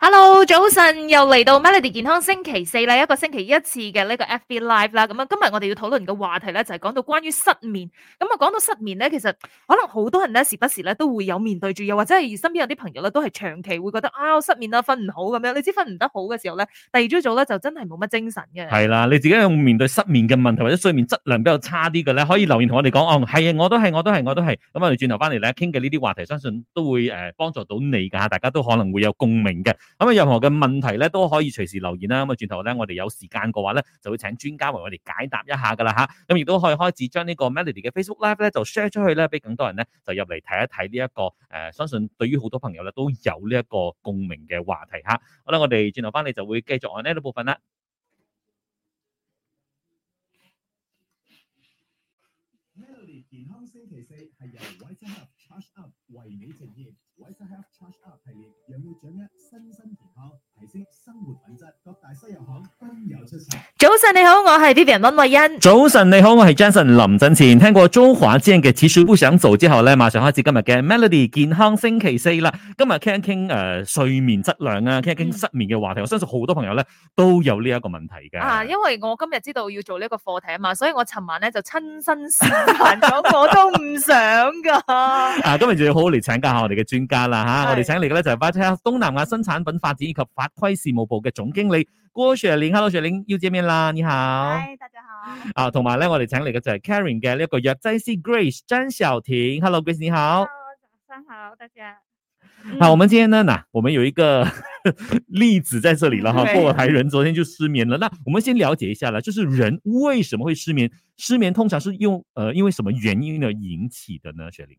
Hello，早晨又嚟到 Melody 健康星期四啦，一個星期一次嘅呢個 FB Live 啦。咁啊，今日我哋要討論嘅話題咧就係講到關於失眠。咁啊，講到失眠咧，其實可能好多人咧時不時咧都會有面對住，又或者係身邊有啲朋友咧都係長期會覺得啊我失眠啦，瞓唔好咁樣。你知瞓唔得好嘅時候咧，第二朝早咧就真係冇乜精神嘅。係啦，你自己有面對失眠嘅問題或者睡眠質量比較差啲嘅咧，可以留言同我哋講。哦，係啊，我都係，我都係，我都係。咁我哋轉頭翻嚟咧，傾嘅呢啲話題，相信都會誒幫助到你噶，大家都可能會有共鳴嘅。咁啊，任何嘅問題咧都可以隨時留言啦。咁啊，轉頭咧，我哋有時間嘅話咧，就會請專家為我哋解答一下噶啦嚇。咁亦都可以開始將呢個 Melody 嘅 Facebook Live 咧就 share 出去咧，俾更多人咧就入嚟睇一睇呢一個誒，相信對於好多朋友咧都有呢一個共鳴嘅話題嚇。好啦，我哋轉頭翻嚟就會繼續按呢一部分啦。維生 Have Charge Up 系列，讓你掌握身心健康。提升生活品質，各大西業行均有出晒。早晨你好，我係 Vivian 溫慧欣。早晨你好，我係 Jansen 林振前。聽過周華健嘅《其實不想走》之後咧，馬上開始今日嘅 Melody 健康星期四啦。今日傾一傾誒、呃、睡眠質量啊，傾一傾失眠嘅話題。嗯、我相信好多朋友咧都有呢一個問題嘅。啊，因為我今日知道要做呢個課題啊嘛，所以我尋晚咧就親身示範咗， 我都唔想噶。啊，今日就要好好嚟請教下我哋嘅專家啦吓，我哋請嚟嘅咧就係巴查東南亞新產品發展以及發。規事務部的總經理郭雪玲，Hello 雪玲，又見面啦，你好。嗨，大家好。啊，同埋咧，我哋請嚟嘅就係 Karen 嘅呢一個藥劑師 Grace 張曉婷，Hello Grace，你好。Hello, 早上好，大家。好，我們今天呢嗱，呃，我們有一個 例子在這裏啦，哈，後台人昨天就失眠了。 那我們先了解一下啦，就是人為什麼會失眠？失眠通常是用，呃，因為什麼原因而引起的呢？雪玲？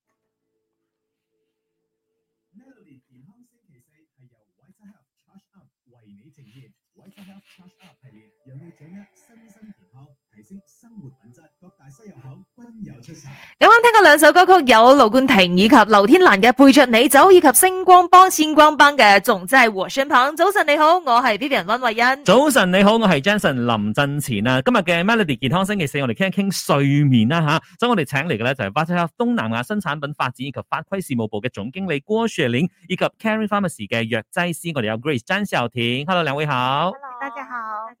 生活品質，各大西入口均有出售。咁啱聽過兩首歌曲，有盧冠廷以及劉天蘭嘅《陪着你走》，以及星光幫、星光幫嘅《仲真和尚鵬》。早晨你好，我係 Vivian 温慧欣。早晨你好，我係 Jason 林振前啊。今日嘅 Melody 健康星期四，我哋傾一傾睡眠啦吓。所以我哋請嚟嘅咧就係巴西亞東南亞新產品發展以及法規事務部嘅總經理郭雪玲，以及 Carry Pharmacy 嘅藥劑師，我哋有 Grace 張小田。Hello，兩位好。Hello，大家好。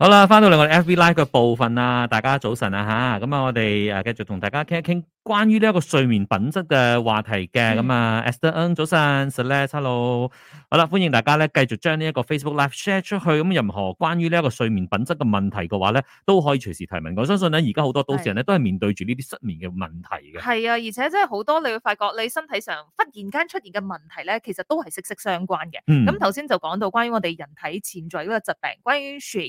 好啦，翻到嚟我哋 FB Live 嘅部分啊，大家早晨啊吓，咁啊我哋誒繼續同大家傾一傾關於呢一個睡眠品質嘅話題嘅，咁啊 Esther，早晨，Sally，Hello，好啦，歡迎大家咧繼續將呢一個 Facebook Live share 出去，咁任何關於呢一個睡眠品質嘅問題嘅話咧，都可以隨時提問。我相信咧而家好多都市人咧都係面對住呢啲失眠嘅問題嘅，係啊，而且真係好多你會發覺你身體上忽然間出現嘅問題咧，其實都係息息相關嘅。咁頭先就講到關於我哋人體潛在嗰個疾病，關於血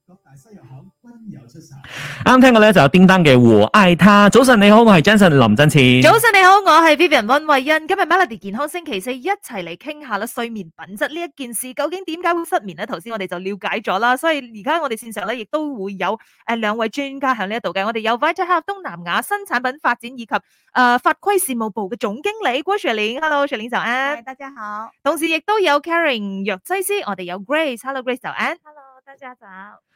啱聽嘅咧就有叮噹嘅和愛他，早晨你好，我係 Jason 林振慈。早晨你好，我係 Vivian 溫慧欣。今日 Melody 健康星期四一齊嚟傾下啦，睡眠品質呢一件事究竟點解會失眠咧？頭先我哋就了解咗啦，所以而家我哋線上咧亦都會有誒兩位專家喺呢一度嘅，我哋有 Vital Health 東南亞新產品發展以及誒法規事務部嘅總經理 Gosia Hello，Shu Ling 就誒大家好，同時亦都有 Carrie 藥劑師，我哋有 Grace Hello Grace 就誒 Hello 大家早。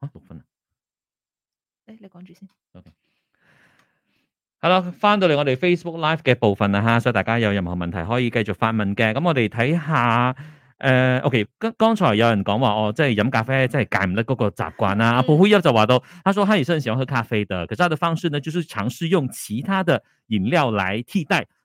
啊，六分啊！誒，你講住先。好啦，翻到嚟我哋 Facebook Live 嘅部分啦吓，所以大家有任何問題可以繼續發問嘅。咁我哋睇下誒，OK，剛剛才有人講話哦，即係飲咖啡真，即係戒唔甩嗰個習慣啦。阿布夫一就話到，他說他也是很喜歡喝咖啡的，可他嘅方式呢，就是嘗試用其他的飲料來替代。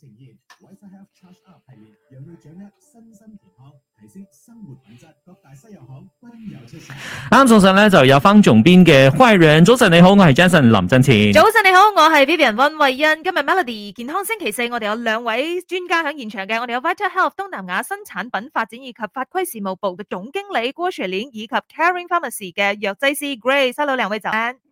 晨言，WiFi Health Charge Up 係讓你掌握身心健康，提升生活品質。各大西藥行均有出售。啱送上咧就有方總編嘅歡迎，早晨你好，我係 Jason 林振前。早晨你好，我係 i a n 温慧欣。今日 Melody 健康星期四，我哋有兩位專家喺現場嘅，我哋有 Vital Health 東南亞新產品發展以及法規事務部嘅總經理郭 w a n c h e l l 以及 Carin Pharmacy 嘅藥劑師 Gray。hello 兩位就。